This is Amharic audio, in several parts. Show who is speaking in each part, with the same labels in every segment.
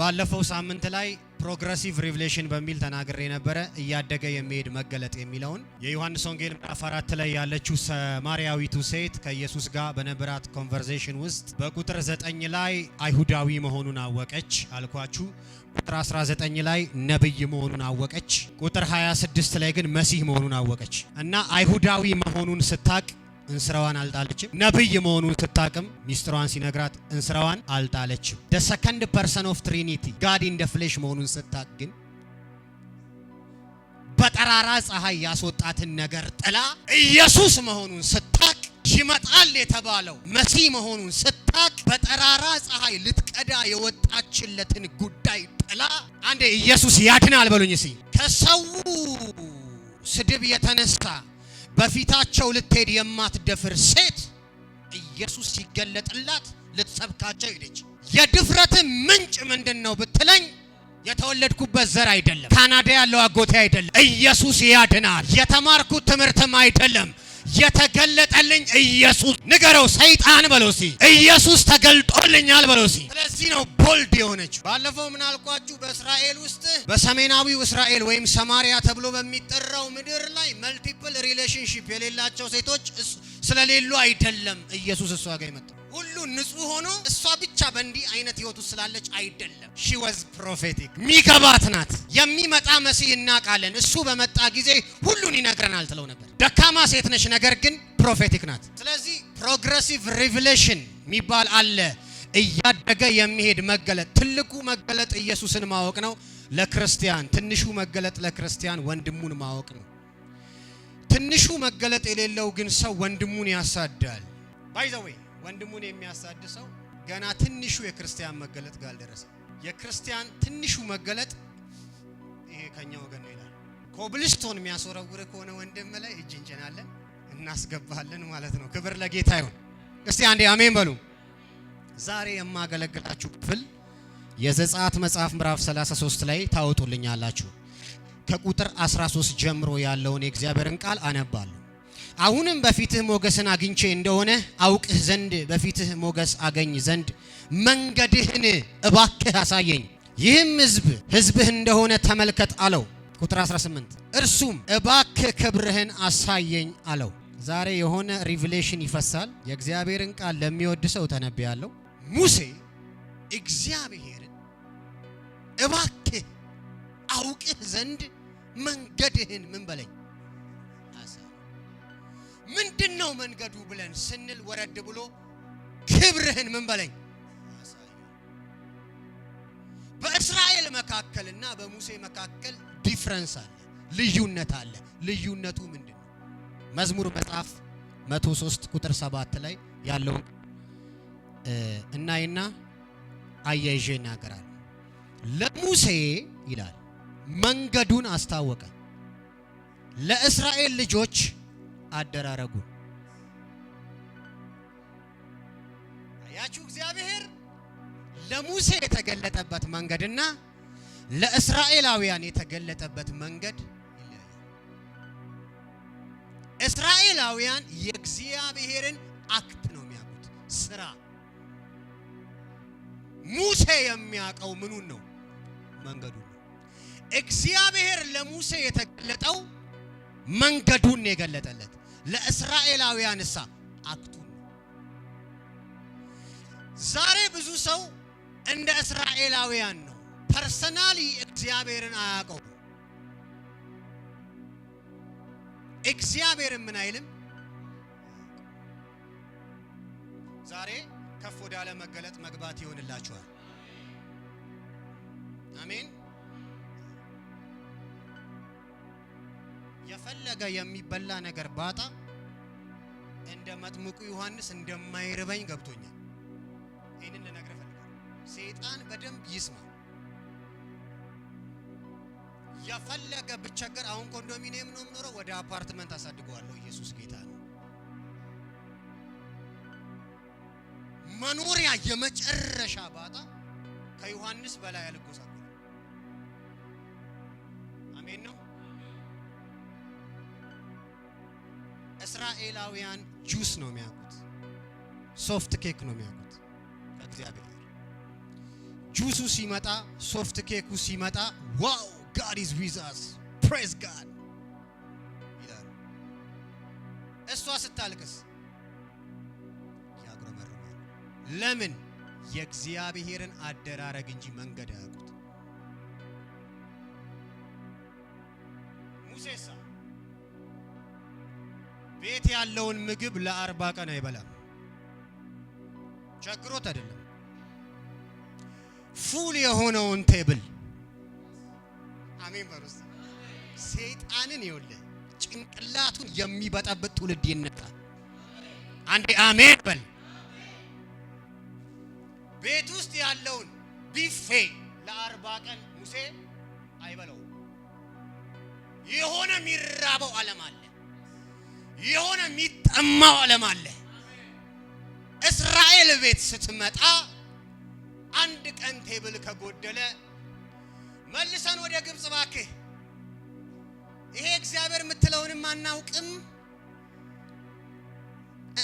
Speaker 1: ባለፈው ሳምንት ላይ ፕሮግረሲቭ ሪቭሌሽን በሚል ተናግሬ ነበረ። እያደገ የሚሄድ መገለጥ የሚለውን የዮሐንስ ወንጌል ምዕራፍ አራት ላይ ያለችው ሰማርያዊቱ ሴት ከኢየሱስ ጋር በነበራት ኮንቨርሴሽን ውስጥ በቁጥር ዘጠኝ ላይ አይሁዳዊ መሆኑን አወቀች አልኳችሁ። ቁጥር 19 ላይ ነብይ መሆኑን አወቀች። ቁጥር 26 ላይ ግን መሲህ መሆኑን አወቀች እና አይሁዳዊ መሆኑን ስታቅ እንስራዋን አልጣለችም። ነብይ መሆኑን ስታቅም ሚስትሯን ሲነግራት እንስራዋን አልጣለችም። ደ ሰከንድ ፐርሰን ኦፍ ትሪኒቲ ጋድ ኢን ደ ፍሌሽ መሆኑን ስታቅ ግን በጠራራ ፀሐይ ያስወጣትን ነገር ጥላ ኢየሱስ መሆኑን ስታቅ ይመጣል የተባለው መሲህ መሆኑን ስታቅ በጠራራ ፀሐይ ልትቀዳ የወጣችለትን ጉዳይ ጥላ አንዴ ኢየሱስ ያድናል በሉኝ ሲ ከሰው ስድብ የተነሳ በፊታቸው ልትሄድ የማትደፍር ሴት ኢየሱስ ሲገለጥላት ልትሰብካቸው ሄደች። የድፍረት ምንጭ ምንድን ነው ብትለኝ የተወለድኩበት ዘር አይደለም፣ ካናዳ ያለው አጎቴ አይደለም። ኢየሱስ ያድናል። የተማርኩት ትምህርትም አይደለም የተገለጠልኝ ኢየሱስ ንገረው፣ ሰይጣን በሎሲ ኢየሱስ ተገልጦልኛል በሎሲ። ስለዚህ ነው ቦልድ የሆነችው። ባለፈው ምን አልኳችሁ? በእስራኤል ውስጥ በሰሜናዊው እስራኤል ወይም ሰማሪያ ተብሎ በሚጠራው ምድር ላይ መልቲፕል ሪሌሽንሽፕ የሌላቸው ሴቶች ስለሌሉ አይደለም ኢየሱስ እሷ ጋር የመጣው ሁሉ ንጹህ ሆኖ እሷ ብቻ በእንዲህ አይነት ህይወቱ ስላለች አይደለም። ሺ ወዝ ፕሮፌቲክ ሚገባት ናት። የሚመጣ መሲህ እናውቃለን፣ እሱ በመጣ ጊዜ ሁሉን ይነግረናል ትለው ነበር። ደካማ ሴት ነች፣ ነገር ግን ፕሮፌቲክ ናት። ስለዚህ ፕሮግረሲቭ ሪቪሌሽን የሚባል አለ። እያደገ የሚሄድ መገለጥ። ትልቁ መገለጥ ኢየሱስን ማወቅ ነው ለክርስቲያን። ትንሹ መገለጥ ለክርስቲያን ወንድሙን ማወቅ ነው። ትንሹ መገለጥ የሌለው ግን ሰው ወንድሙን ያሳዳል። ባይዘዌይ ወንድሙን የሚያሳድሰው ገና ትንሹ የክርስቲያን መገለጥ ጋር አልደረሰ። የክርስቲያን ትንሹ መገለጥ ይሄ ከኛ ወገን ነው ይላል። ኮብልስቶን የሚያስወረውር ከሆነ ወንድም ላይ እጅ እንጭናለን፣ እናስገባለን ማለት ነው። ክብር ለጌታ ይሁን። እስቲ አንዴ አሜን በሉ። ዛሬ የማገለግላችሁ ክፍል የዘጸአት መጽሐፍ ምዕራፍ 33 ላይ ታወጡልኛላችሁ። ከቁጥር 13 ጀምሮ ያለውን የእግዚአብሔርን ቃል አነባለሁ። አሁንም በፊትህ ሞገስን አግኝቼ እንደሆነ አውቅህ ዘንድ በፊትህ ሞገስ አገኝ ዘንድ መንገድህን እባክህ አሳየኝ። ይህም ህዝብ ህዝብህ እንደሆነ ተመልከት አለው። ቁጥር 18 እርሱም እባክህ ክብርህን አሳየኝ አለው። ዛሬ የሆነ ሪቪሌሽን ይፈሳል። የእግዚአብሔርን ቃል ለሚወድ ሰው ተነብያለሁ። ሙሴ እግዚአብሔርን እባክህ አውቅህ ዘንድ መንገድህን ምን በለኝ ምንድን ነው መንገዱ ብለን ስንል ወረድ ብሎ ክብርህን ምን በለኝ በእስራኤል መካከልና በሙሴ መካከል ዲፍረንስ አለ፣ ልዩነት አለ። ልዩነቱ ምንድን ነው? መዝሙር መጽሐፍ 103 ቁጥር 7 ላይ ያለውን እናይና አያይዤ ይናገራል። ለሙሴ ይላል መንገዱን አስታወቀ፣ ለእስራኤል ልጆች አደራረጉ ያችሁ እግዚአብሔር ለሙሴ የተገለጠበት መንገድና ለእስራኤላውያን የተገለጠበት መንገድ ይለያል። እስራኤላውያን የእግዚአብሔርን አክት ነው የሚያውቁት ስራ። ሙሴ የሚያውቀው ምኑን ነው? መንገዱን ነው። እግዚአብሔር ለሙሴ የተገለጠው መንገዱን የገለጠለት ለእስራኤላውያንሳ አክቱ ዛሬ ብዙ ሰው እንደ እስራኤላውያን ነው። ፐርሰናሊ እግዚአብሔርን አያውቀው። እግዚአብሔርን ምን አይልም። ዛሬ ከፍ ወዳለ መገለጥ መግባት ይሆንላችኋል። አሜን። የፈለገ የሚበላ ነገር ባጣ እንደ መጥምቁ ዮሐንስ እንደማይርበኝ ገብቶኛል። ይህንን ልነግር እፈልጋለሁ። ሰይጣን በደንብ ይስማ። የፈለገ ብቸገር፣ አሁን ኮንዶሚኒየም ነው የምኖረው፣ ወደ አፓርትመንት አሳድገዋለሁ። ኢየሱስ ጌታ ነው። መኖሪያ የመጨረሻ ባጣ ከዮሐንስ በላይ አልጎሳል። እስራኤላውያን ጁስ ነው የሚያውቁት፣ ሶፍት ኬክ ነው የሚያውቁት። ከእግዚአብሔር ጁሱ ሲመጣ፣ ሶፍት ኬኩ ሲመጣ ዋው ጋድ ኢዝ ዊዝ አስ ፕሬዝ ጋድ ይላሉ። እሷ ስታልቅስ ያጉረመርማል። ለምን? የእግዚአብሔርን አደራረግ እንጂ መንገድ አያውቁት። ሙሴሳ ቤት ያለውን ምግብ ለአርባ ቀን አይበላም። ቸግሮት አይደለም። ፉል የሆነውን ቴብል አሜን በሩስ ሰይጣንን ይወለ ጭንቅላቱን የሚበጠብጥ ትውልድ ይነጣ አንዴ አሜን በል። ቤት ውስጥ ያለውን ቢፌ ለአርባ ቀን ሙሴ አይበለው። የሆነ የሚራበው ዓለም አለ። የሆነ የሚጠማው ዓለም አለ። እስራኤል ቤት ስትመጣ አንድ ቀን ቴብል ከጎደለ መልሰን ወደ ግብፅ ባክህ፣ ይሄ እግዚአብሔር የምትለውንም አናውቅም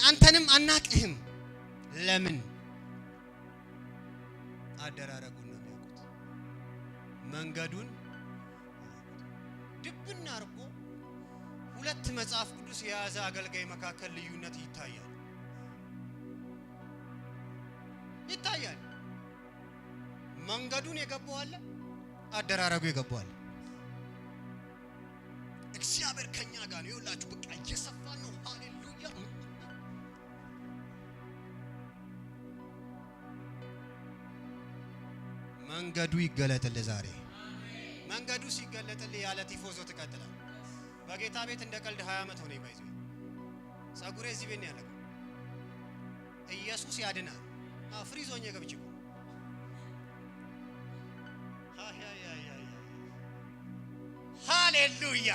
Speaker 1: አንተንም አናቅህም። ለምን አደራረጉን ነው የሚያውቁት መንገዱን ድብና ሁለት መጽሐፍ ቅዱስ የያዘ አገልጋይ መካከል ልዩነት ይታያል ይታያል። መንገዱን የገባዋለ፣ አደራረጉ የገባዋለ። እግዚአብሔር ከኛ ጋር ነው። ይኸውላችሁ በቃ እየሰፋ ነው። ሃሌሉያ። መንገዱ ይገለጥል። ዛሬ መንገዱ ሲገለጥል ያለ ቲፎዞ ትቀጥላል። በጌታ ቤት እንደ ቀልድ 20 ዓመት ሆነ ይባይዘ ጸጉሬ እዚህ ቤት ነው ያለቀ። ኢየሱስ ያድናል። አፍሪዞኝ ገብቼ ሃሌሉያ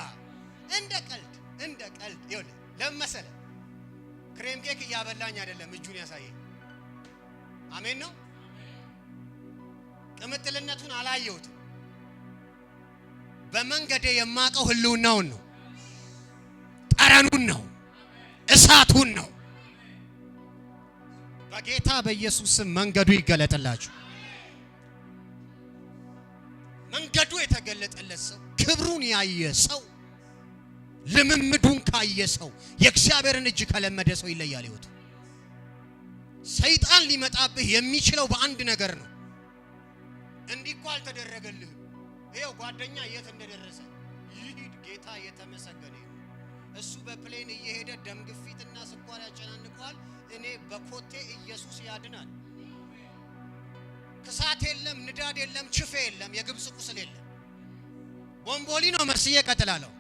Speaker 1: እንደ ቀልድ እንደ ቀልድ ይሁን ለመሰለ ክሬም ኬክ እያበላኝ አይደለም፣ እጁን ያሳየ አሜን ነው። ቅምጥልነቱን አላየሁትም። በመንገዴ የማቀው ህልውናውን ነው። ብርሃኑን ነው፣ እሳቱን ነው። በጌታ በኢየሱስ ስም መንገዱ ይገለጥላችሁ። መንገዱ የተገለጠለት ሰው ክብሩን ያየ ሰው ልምምዱን ካየ ሰው የእግዚአብሔርን እጅ ከለመደ ሰው ይለያል ህይወቱ። ሰይጣን ሊመጣብህ የሚችለው በአንድ ነገር ነው። እንዲህ እኮ አልተደረገልህም። ይኸው ጓደኛ የት እንደደረሰ ይሂድ። ጌታ የተመሰገነ እሱ በፕሌን እየሄደ ደም ግፊትና ስኳር ያጨናንቀዋል። እኔ በኮቴ ኢየሱስ ያድናል። ክሳት የለም፣ ንዳድ የለም፣ ችፌ የለም፣ የግብፅ ቁስል የለም። ቦምቦሊ ነው መስዬ ቀጥላለሁ።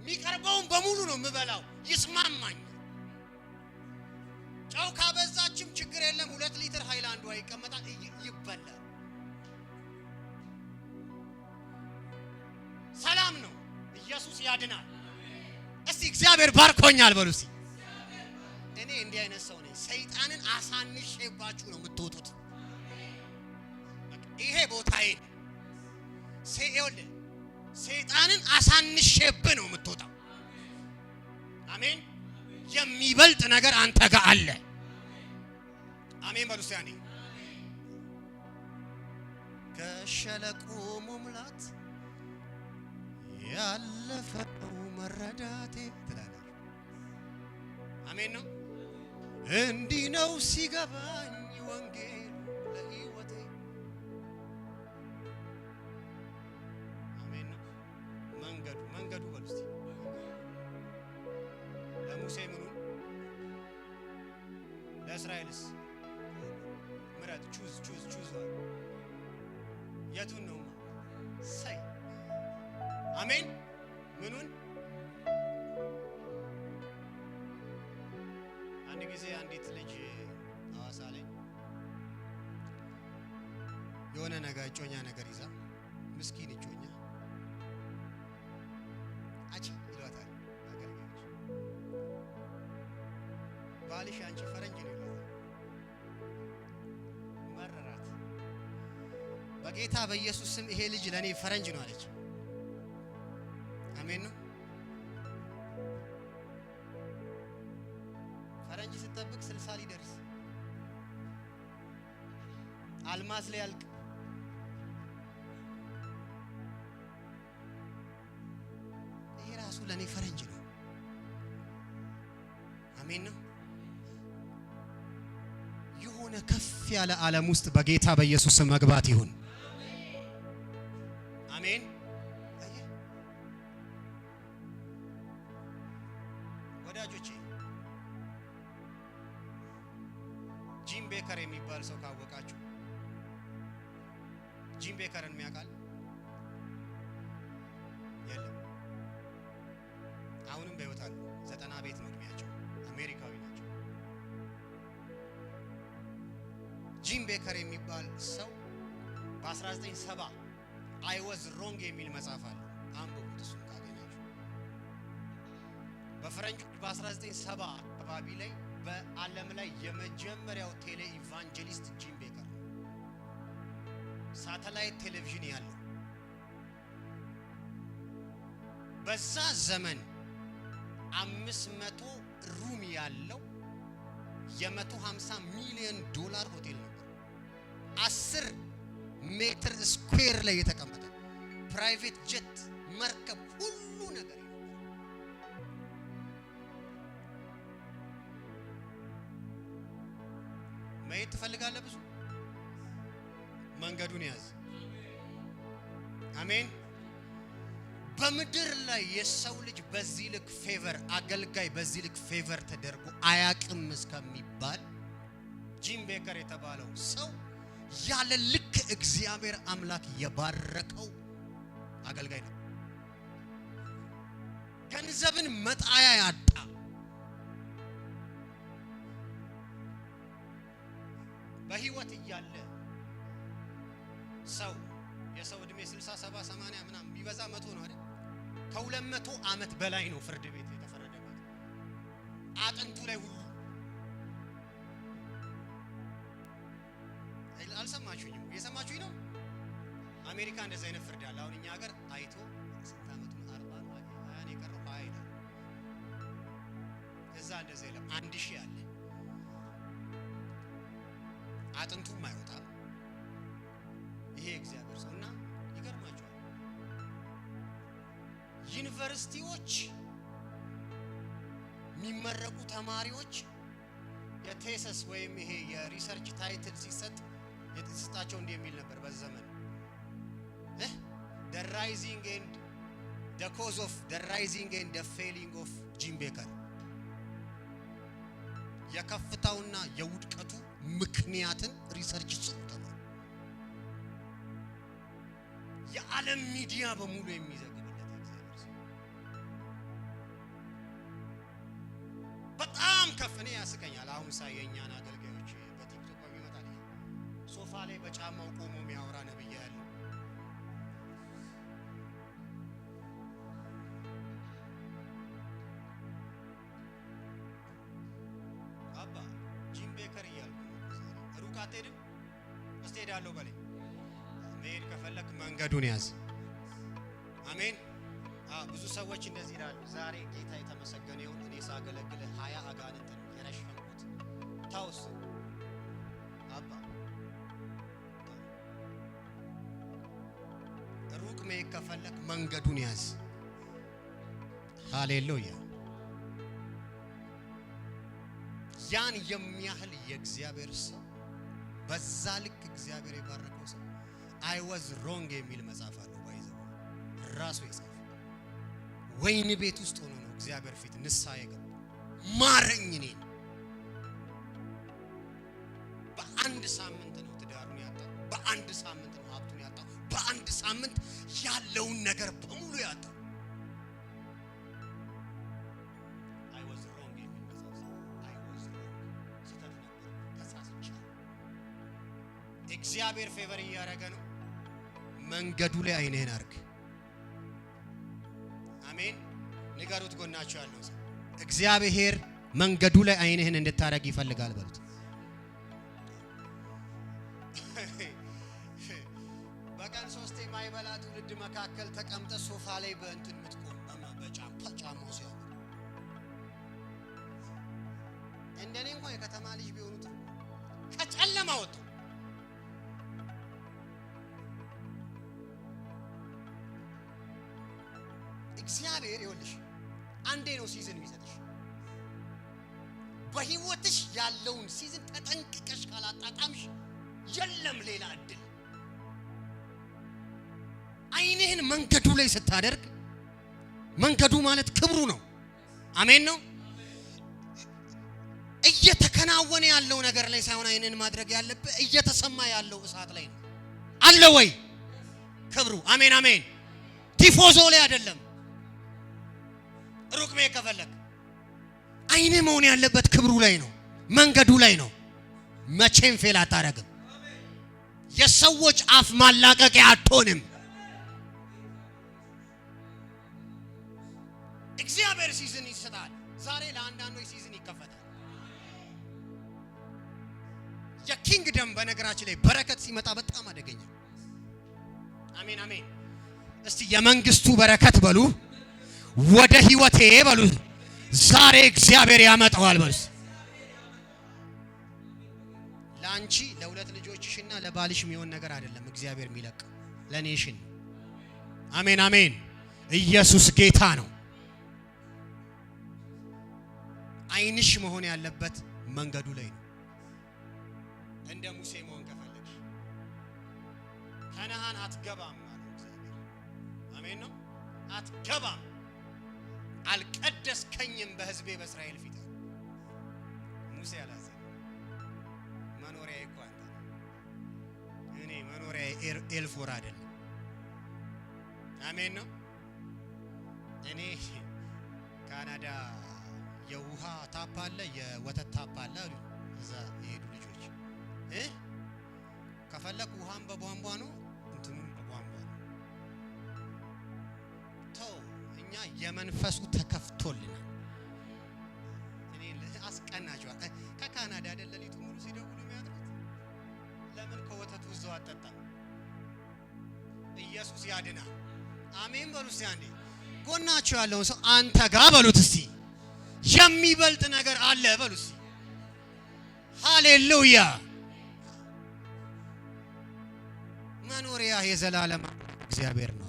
Speaker 1: የሚቀርበውን በሙሉ ነው የምበላው፣ ይስማማኝ። ጨው ካበዛችም ችግር የለም። ሁለት ሊትር ሀይላንዷ ይቀመጣል፣ ይበላል። ኢየሱስ ያድናል። እስቲ እግዚአብሔር ባርኮኛል በሉ እስቲ። እኔ እንዲህ አይነት ሰው ነኝ። ሰይጣንን አሳንሼባችሁ ነው የምትወጡት። ይሄ ቦታዬ ይኸውልህ፣ ሰይጣንን አሳንሼብ ነው የምትወጣው። አሜን። የሚበልጥ ነገር አንተ ጋር አለ። አሜን በሉ እስቲ። ከሸለቆ መሙላት ያለፈው መረዳቴ ትላለች። አሜን ነው። እንዲህ ነው ሲገባኝ ወንጌል ለሕይወቴ። አሜን ነው። መንገዱ መንገዱ በሉስ ለሙሴ ምኑ ለእስራኤልስ ምረት ቹዝ ቹዝ ቹዝ የቱን ነው አሜን። ምኑን አንድ ጊዜ አንዲት ልጅ ሐዋሳ ላይ የሆነ ነገር እጮኛ ነገር ይዛ ምስኪን እጮኛ አጭ ይሏታል አገልግሎት ባልሽ አንቺ ፈረንጅ ነው ይሏታል። መረራት። በጌታ በኢየሱስ ስም ይሄ ልጅ ለእኔ ፈረንጅ ነው አለች። ሊያልቅ ይህ ራሱ ለእኔ ፈረንጅ ነው። አሜን ነው። የሆነ ከፍ ያለ ዓለም ውስጥ በጌታ በኢየሱስ መግባት ይሁን። አሜን። ወዳጆቼ ጂም ቤከር የሚባል ሰው ካወቃችሁ ጂም ቤከርን የሚያውቃል የለም። አሁንም በህይወት አሉ። ዘጠና ቤት ነው እድሜያቸው። አሜሪካዊ ናቸው። ጂም ቤከር የሚባል ሰው በ1970 አይ ወዝ ሮንግ የሚል መጽሐፍ አለ። አንብቡት እሱን ካገኛችሁ። በፈረንጅ በ1970 አካባቢ ላይ በዓለም ላይ የመጀመሪያው ቴሌ ኢቫንጀሊስት ጂም ቤከር ሳተላይት ቴሌቪዥን ያለው በዛ ዘመን አምስት መቶ ሩም ያለው የመቶ ሃምሳ ሚሊዮን ዶላር ሆቴል ነበር። አስር ሜትር ስኩዌር ላይ የተቀመጠ ፕራይቬት ጀት፣ መርከብ፣ ሁሉ ነገር መሄድ አሜን። በምድር ላይ የሰው ልጅ በዚህ ልክ ፌቨር አገልጋይ በዚህ ልክ ፌቨር ተደርጎ አያቅም እስከሚባል ጂም ቤከር የተባለው ሰው ያለ ልክ እግዚአብሔር አምላክ የባረከው አገልጋይ ነው። ገንዘብን መጣያ ያጣ በህይወት እያለ ሰው የሰው እድሜ 60 70 80 ምናምን ቢበዛ መቶ ነው አይደል? ከሁለት መቶ ዓመት በላይ ነው ፍርድ ቤት የተፈረደበት አጥንቱ ላይ ሁሉ። አልሰማችሁኝም? እየሰማችሁኝ ነው? አሜሪካ እንደዚህ አይነት ፍርድ አለ። አሁን እኛ ሀገር አይቶ ስንት ዓመቱ አርባ ነው ያን የቀረው ሀያ እዛ እንደዚህ የለም። አንድ ሺህ አለ አጥንቱም አይወጣም። ይሄ እግዚአብሔር ሰው እና ይገርማቸዋል። ዩኒቨርሲቲዎች የሚመረቁ ተማሪዎች የቴሰስ ወይም ይሄ የሪሰርች ታይትል ሲሰጥ የተሰጣቸው እንዲህ የሚል ነበር ዘመን ዘ ራይዚንግ ኤንድ ዘ ኮዝ ኦፍ ዘ ራይዚንግ ኤንድ ዘ ፌሊንግ ኦፍ ጂም ቤከር የከፍታውና የውድቀቱ ምክንያትን ሪሰርች ጽሑፍ የዓለም ሚዲያ በሙሉ የሚዘግብለት እግዚአብሔር ሰው በጣም ከፍ እኔ ያስቀኛል። አሁን ሳ የእኛን አገልጋዮች በቲክቶክ ይመጣል። ሶፋ ላይ በጫማው ቆሞ የሚያወራ ነብያ ያለ አባ ጂም ቤከር እያልኩ ሩቅ አትሄድም? እስቲ ሄዳለሁ በላይ መንገዱን ያዝ። አሜን። ብዙ ሰዎች እንደዚህ ይላሉ። ዛሬ ጌታ የተመሰገነ ይሁን፣ እኔ ሳገለግል ሀያ አጋንንት ነው የረሸንኩት። ታውስ አባ ሩቅ መሄድ ከፈለክ መንገዱን ያዝ። ሃሌሉያ። ያን የሚያህል የእግዚአብሔር ሰው በዛ ልክ እግዚአብሔር የባረከው ሰው አይወዝ ሮንግ የሚል መጽሐፍ አለው ባይዘው ራሱ የጻፈ ወይን ቤት ውስጥ ሆኖ ነው እግዚአብሔር ፊት ንሳ የገባ ማረኝ እኔን በአንድ ሳምንት ነው ትዳሩን ያጣው። በአንድ ሳምንት ነው ሀብቱን ያጣ በአንድ ሳምንት ያለውን ነገር በሙሉ ያጣው። እግዚአብሔር ፌቨር እያደረገ ነው። መንገዱ ላይ አይንህን አርግ። አሜን። ንገሩት፣ ጎናቸው ያለው እግዚአብሔር መንገዱ ላይ አይንህን እንድታረግ ይፈልጋል በሉት። በቀን ሶስቴ ማይበላ ትውልድ መካከል ተቀምጠ ሶፋ ላይ በእንትን ምትቆም በጫማ ሲሆን እንደኔ እንኳን የከተማ ልጅ ቢሆኑት ከጨለማ እግዚአብሔር ይወልሽ አንዴ ነው ሲዝን የሚሰጥሽ በህይወትሽ ያለውን ሲዝን ተጠንቅቀሽ ካላጣጣምሽ የለም ሌላ እድል። አይንህን መንገዱ ላይ ስታደርግ መንገዱ ማለት ክብሩ ነው። አሜን ነው። እየተከናወነ ያለው ነገር ላይ ሳይሆን አይንን ማድረግ ያለብህ እየተሰማ ያለው እሳት ላይ ነው። አለ ወይ ክብሩ? አሜን አሜን። ቲፎዞ ላይ አይደለም። ሩቅ መሄድ ከፈለግ አይኔ መሆን ያለበት ክብሩ ላይ ነው፣ መንገዱ ላይ ነው። መቼም ፌል አታረግም። የሰዎች አፍ ማላቀቂያ አትሆንም። እግዚአብሔር ሲዝን ይሰጣል። ዛሬ ለአንዳንዶች ሲዝን ይከፈታል። የኪንግደም በነገራችን ላይ በረከት ሲመጣ በጣም አደገኛ። አሜን አሜን። እስቲ የመንግስቱ በረከት በሉ ወደ ህይወቴ በሉ ዛሬ እግዚአብሔር ያመጣዋል። በሉስ ለአንቺ ለሁለት ልጆችሽና ለባልሽ የሚሆን ነገር አይደለም። እግዚአብሔር የሚለቅ ለኔሽን አሜን፣ አሜን። ኢየሱስ ጌታ ነው። አይንሽ መሆን ያለበት መንገዱ ላይ ነው። እንደ ሙሴ መሆን ከፈለግሽ ከነሃን አትገባም አለ እግዚአብሔር። አሜን ነው አትገባም አልቀደስከኝም በህዝቤ በእስራኤል ፊት ሙሴ አላዘ መኖሪያ እኮ አንተ እኔ መኖሪያ ኤልፎር አይደለም። አሜን ነው። እኔ ካናዳ የውሃ ታፕ አለ፣ የወተት ታፕ አለ። እዛ የሄዱ ልጆች ከፈለግ ውሃም በቧንቧ ነው የመንፈሱ ተከፍቶልናል። እኔ አስቀናቸዋል ከካናዳ አይደል? ሌሊቱ ሙሉ ሲደውሉ የሚያድሩት ለምን ከወተቱ እዛው አጠጣም? ኢየሱስ ያድናል። አሜን በሉ እስቲ አንዴ። ጎናቸው ያለውን ሰው አንተ ጋር በሉት እስቲ የሚበልጥ ነገር አለ በሉ እስቲ። ሃሌሉያ መኖሪያ የዘላለም እግዚአብሔር ነው።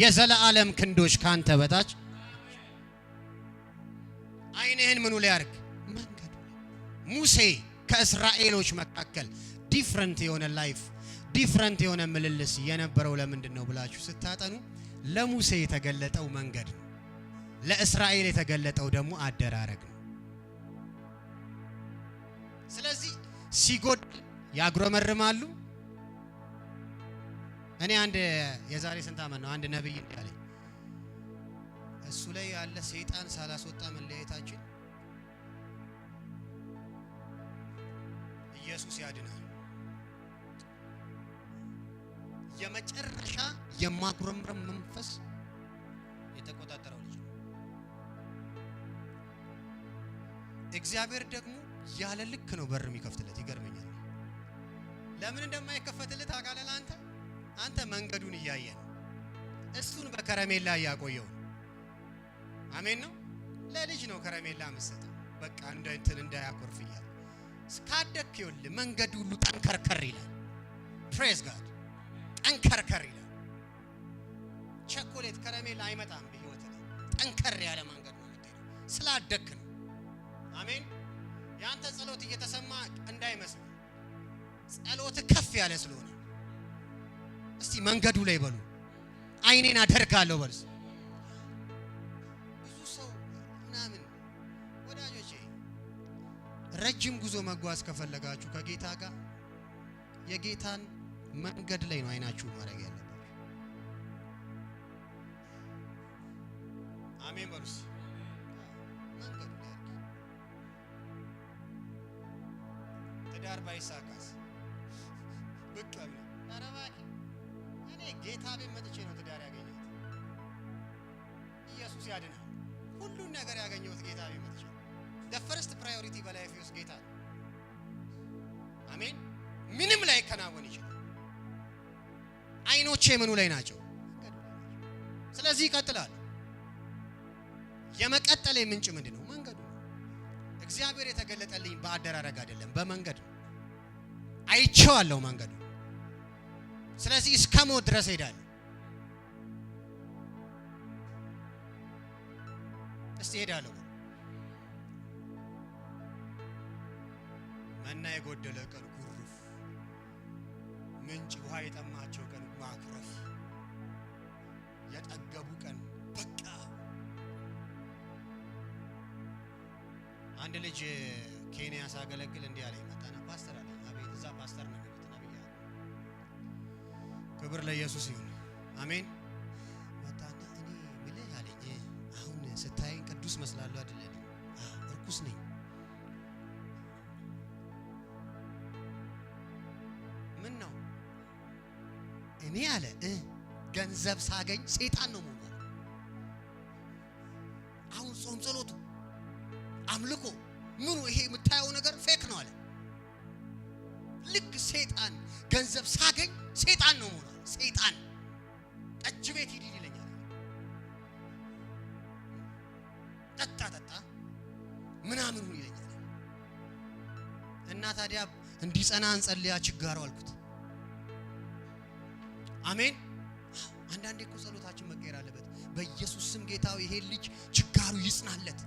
Speaker 1: የዘለዓለም ክንዶች ካንተ በታች አይንህን ምኑ ላይ አድርግ መንገዱ ሙሴ ከእስራኤሎች መካከል ዲፍረንት የሆነ ላይፍ ዲፍረንት የሆነ ምልልስ የነበረው ለምንድን ነው ብላችሁ ስታጠኑ ለሙሴ የተገለጠው መንገድ ነው። ለእስራኤል የተገለጠው ደግሞ አደራረግ ነው። ስለዚህ ሲጎድል ያጉረመርማሉ። እኔ አንድ የዛሬ ስንት ዓመት ነው አንድ ነብይ እንዳለኝ እሱ ላይ ያለ ሰይጣን ሳላስወጣ መለያየታችን ኢየሱስ ያድናል። የመጨረሻ የማጉረምረም መንፈስ የተቆጣጠረው ልጅ ነው። እግዚአብሔር ደግሞ ያለ ልክ ነው በር የሚከፍትለት። ይገርመኛል። ለምን እንደማይከፈትልህ ታውቃለህ አንተ መንገዱን እያየን እሱን በከረሜላ እያቆየውን አሜን ነው። ለልጅ ነው ከረሜላ የምትሰጠው። በቃ እንደ እንትን እንዳያኮርፍ እያለ ካደክ ይወል መንገድ ሁሉ ጠንከርከር ይላል። ፕሬዝ ጋድ ጠንከርከር ይላል። ቸኮሌት ከረሜላ አይመጣም በህይወት ጠንከር ያለ መንገድ ነው የምትሄደው ስላደክ ነው። አሜን። የአንተ ጸሎት እየተሰማ እንዳይመስል ጸሎት ከፍ ያለ ስለሆነ እስቲ መንገዱ ላይ በሉ አይኔን አደርጋለሁ በርስ ብዙ ሰው ምናምን ወዳጆቼ፣ ረጅም ጉዞ መጓዝ ከፈለጋችሁ ከጌታ ጋር የጌታን መንገድ ላይ ነው አይናችሁ ማድረግ ያለባችሁ። አሜን በሉስ። ትዳር ባይሳካስ ጌታ ቤት መጥቼ ነው ትዳር ያገኘሁት። ኢየሱስ ያድናል። ሁሉን ነገር ያገኘሁት ጌታ ቤት መጥቼ ፈርስት ፕራዮሪቲ በላይፍ ውስጥ ጌታ ነው። አሜን። ምንም ላይ ከናወን ይችላል። አይኖቼ ምኑ ላይ ናቸው? ስለዚህ ይቀጥላል። የመቀጠለ ምንጭ ምንድን ነው? መንገዱ እግዚአብሔር የተገለጠልኝ በአደራረግ አይደለም፣ በመንገድ ነው። አይቼዋለሁ መንገዱ ስለዚህ እስከ ሞት ድረስ ሄዳለሁ። እስቲ ሄዳለሁ። መና የጎደለ ቀን ጉሩፍ ምንጭ ውሃ የጠማቸው ቀን ማኩረፍ፣ የጠገቡ ቀን በቃ። አንድ ልጅ ኬንያ ሳገለግል እንዲህ አለኝ። መጣና ፓስተር አለኝ። አቤት! እዛ ፓስተር ነው ክብር ለኢየሱስ ይሁን። አሜን። መጣና እኔ ምልህ አለኝ። አሁን ስታይን ቅዱስ መስላለሁ አይደለ? እርኩስ ነኝ። ምን ነው እኔ አለ ገንዘብ ሳገኝ ሰይጣን ነው መሆኑ። አሁን ጾም፣ ጸሎቱ፣ አምልኮ ምኑ ይሄ የምታየው ነገር ፌክ ነው አለ። ልክ ሰይጣን ገንዘብ ሳገኝ ሰይጣን ነው መሆኑ ሰይጣን ጠጅ ቤት ሂድ ይለኛል። ጠጣ ጠጣ ምናምኑ ይለኛል። እና ታዲያ እንዲጸና እንጸልያ ችጋረው አልኩት። አሜን። አንዳንዴ እኮ ጸሎታችን መቀየር አለበት። በኢየሱስ ስም ጌታው ይሄ ልጅ ችጋሩ ይጽናለት፣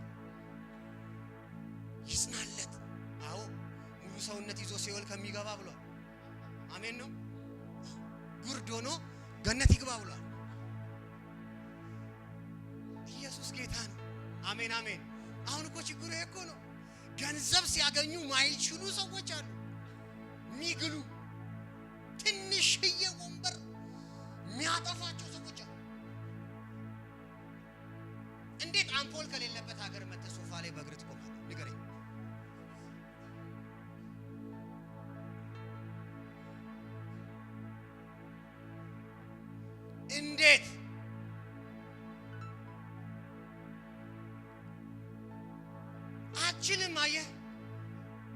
Speaker 1: ይጽናለት። አዎ ሙሉ ሰውነት ይዞ ሲወል ከሚገባ ብሏል። አሜን ነው ጉርድ ሆኖ ገነት ይግባ ብሏል። ኢየሱስ ጌታ ነው። አሜን አሜን። አሁን እኮ ችግሩ ይሄ እኮ ነው። ገንዘብ ሲያገኙ ማይችሉ ሰዎች አሉ። ሚግሉ ትንሽዬ ወንበር የሚያጠፋቸው ሰዎች አሉ። እንዴት አምፖል ከሌለበት ሀገር መጥተህ ሶፋ ላይ በእግር ትቆማለህ? ንገረኝ። እንዴት አችልም አየህ፣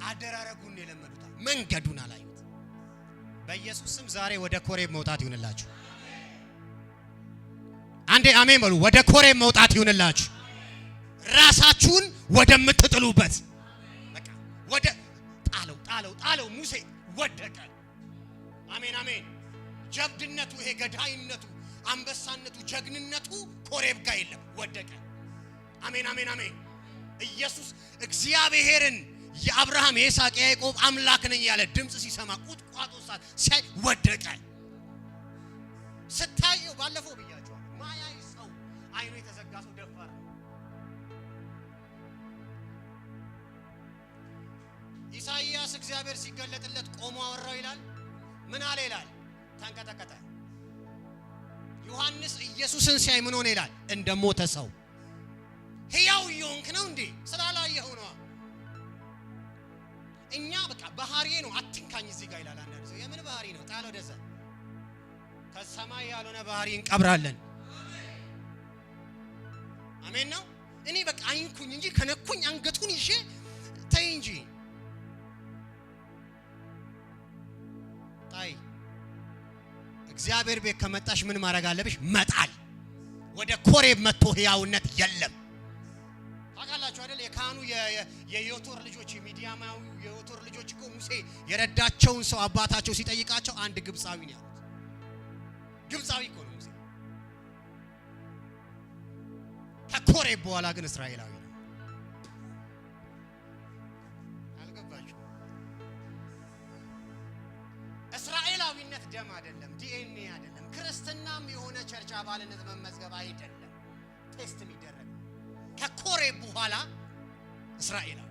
Speaker 1: አደራረጉን የለመዱታል፣ መንገዱን አላዩት። በኢየሱስ ስም ዛሬ ወደ ኮሬብ መውጣት ይሁንላችሁ። አንዴ አሜን በሉ። ወደ ኮሬብ መውጣት ይሁንላችሁ። ራሳችሁን ወደምትጥሉበት በቃ ወደ ጣለው ጣለው ጣለው። ሙሴ ወደቀ። አሜን አሜን። ጀብድነቱ ይሄ ገዳይነቱ አንበሳነቱ፣ ጀግንነቱ ኮሬብ ጋር የለም። ወደቀ። አሜን፣ አሜን፣ አሜን። ኢየሱስ እግዚአብሔርን የአብርሃም የይስሐቅ የያዕቆብ አምላክ ነኝ ያለ ድምፅ ሲሰማ ቁጥቋጦ ሳት ሲያይ ወደቀ። ስታየው ባለፈው ብያቸዋል። ማያይ ሰው አይኑ የተዘጋ ሰው ደፋር ኢሳይያስ እግዚአብሔር ሲገለጥለት ቆሞ አወራው ይላል። ምን አለ ይላል? ተንቀጠቀጠ ዮሐንስ ኢየሱስን ሲያይ ምን ሆነ ይላል? እንደ ሞተ ሰው ሕያው እየሆንክ ነው እንዴ? ስላላየኸው ነዋ። እኛ በቃ ባህሪ ነው፣ አትንካኝ እዚህ ጋር ይላል። አንዳንድ ሰው የምን ባህሪ ነው? ጣል ወደዛ። ከሰማይ ያልሆነ ባህሪ እንቀብራለን። አሜን ነው። እኔ በቃ አይንኩኝ እንጂ ከነኩኝ አንገቱን ይዤ ተይ እንጂ እግዚአብሔር ቤት ከመጣሽ ምን ማድረግ አለብሽ? መጣል። ወደ ኮሬብ መጥቶ ህያውነት የለም። ታውቃላችሁ አይደል? የካህኑ የዮቶር ልጆች የሚዲያማዊ የዮቶር ልጆች እኮ ሙሴ የረዳቸውን ሰው አባታቸው ሲጠይቃቸው አንድ ግብፃዊ ነው ያሉት። ግብፃዊ እኮ ነው ሙሴ። ከኮሬብ በኋላ ግን እስራኤላዊ እስራኤላዊነት ደም አይደለም። ክርስትናም የሆነ ቸርች አባልነት መመዝገብ አይደለም፣ ቴስት የሚደረግ ከኮሬ በኋላ እስራኤላዊ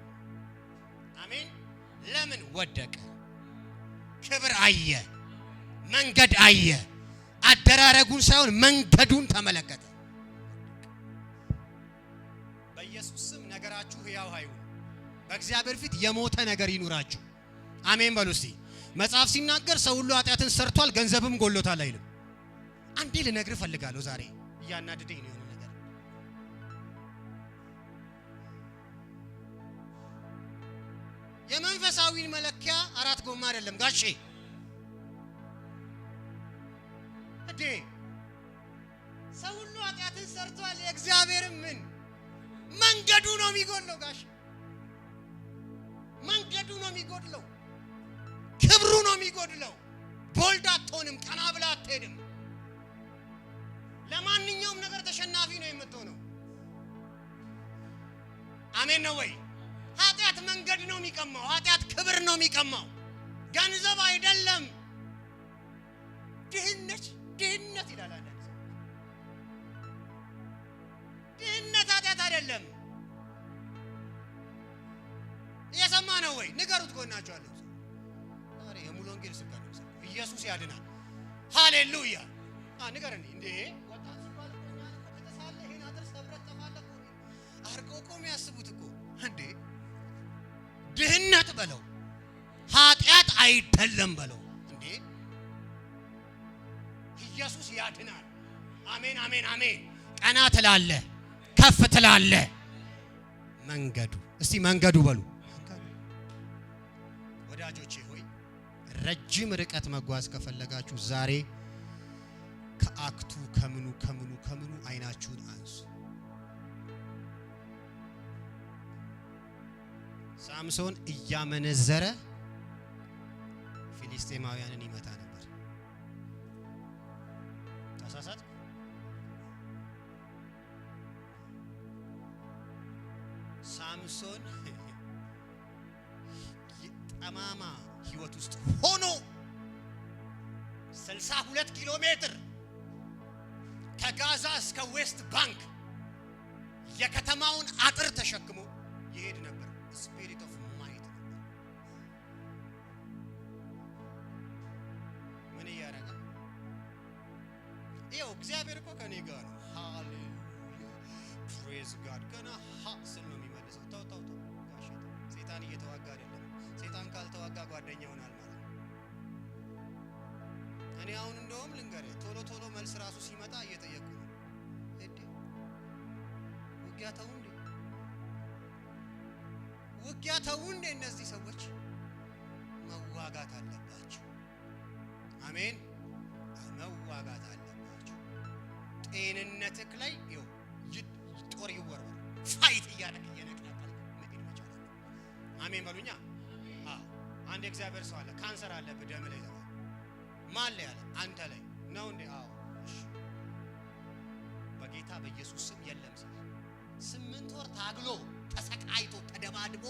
Speaker 1: አሜን። ለምን ወደቀ? ክብር አየ፣ መንገድ አየ። አደራረጉን ሳይሆን መንገዱን ተመለከተ። በኢየሱስ ስም ነገራችሁ ሕያው አይሁን። በእግዚአብሔር ፊት የሞተ ነገር ይኑራችሁ። አሜን በሉ እስቲ። መጽሐፍ ሲናገር ሰው ሁሉ ኃጢአትን ሰርቷል፣ ገንዘብም ጎሎታል አይልም። አንዴ ልነግርህ ፈልጋለሁ። ዛሬ እያናድደኝ ነው የሆነ ነገር። የመንፈሳዊን መለኪያ አራት ጎማ አይደለም ጋሼ እዴ ሰው ሁሉ ኃጢአትን ሰርቷል። የእግዚአብሔርም ምን መንገዱ ነው የሚጎድለው ጋሼ መንገዱ ነው የሚጎድለው፣ ክብሩ ነው የሚጎድለው። ቦልድ አትሆንም፣ ቀና ብላ አትሄድም። ለማንኛውም ነገር ተሸናፊ ነው የምትሆነው። አሜን ነው ወይ? ኃጢአት መንገድ ነው የሚቀማው። ኃጢአት ክብር ነው የሚቀማው፣ ገንዘብ አይደለም። ድህነት ድህነት ይላል አለ ድህነት ኃጢአት አይደለም። እየሰማ ነው ወይ? ንገሩት። ጎናቸዋለሁ የሙሉ ወንጌል ስጋ ነው። ኢየሱስ ያድናል። ሃሌሉያ ንገረን እንዴ አድርገው እኮ የሚያስቡት እኮ እንዴ ድህነት በለው ኃጢአት አይደለም በለው እንዴ ኢየሱስ ያድናል። አሜን አሜን አሜን። ቀና ትላለ፣ ከፍ ትላለ። መንገዱ እስቲ መንገዱ በሉ ወዳጆቼ ሆይ ረጅም ርቀት መጓዝ ከፈለጋችሁ ዛሬ ከአክቱ ከምኑ ከምኑ ከምኑ አይናችሁን አንሱ። ሳምሶን እያመነዘረ ፊሊስጤማውያንን ይመታ ነበር። ተሳሳት። ሳምሶን ጠማማ ህይወት ውስጥ ሆኖ 62 ኪሎ ሜትር ከጋዛ እስከ ዌስት ባንክ የከተማውን አጥር ተሸክሞ ይሄድ ነበር። ስፒሪት ኦፍ ማይት ምን እያደረገ ይኸው እግዚአብሔር እኮ ከኔ ጋር ነው። ሃሌሉያ ፕሬዝ ጋድ። ገና ሀቅ ስል ነው የሚመልሰው። ተው ተው ተው ጋሼ፣ ሴጣን እየተዋጋ አይደለም። ሴጣን ካልተዋጋ ጓደኛ ይሆናል ማለት ነው። እኔ አሁን እንደውም ልንገርህ፣ ቶሎ ቶሎ መልስ ራሱ ሲመጣ እየጠየቁ ነው። ውጊያ ተውን ውጊያ ተዉ እንደ እነዚህ ሰዎች መዋጋት አለባቸው። አሜን መዋጋት አለባቸው። ጤንነትክ ላይ ይው ጦር ይወርወር ፋይት እያደረግ እየነቅላታል መሄድ መቻል አሜን በሉኛ። አንድ እግዚአብሔር ሰው አለ ካንሰር አለብህ ደም ላይ ተባለ ማን ላይ አለ አንተ ላይ ነው እንዴ? አዎ እሺ በጌታ በኢየሱስ ስም የለም። ስምንት ወር ታግሎ ተሰቃይቶ ተደባድቦ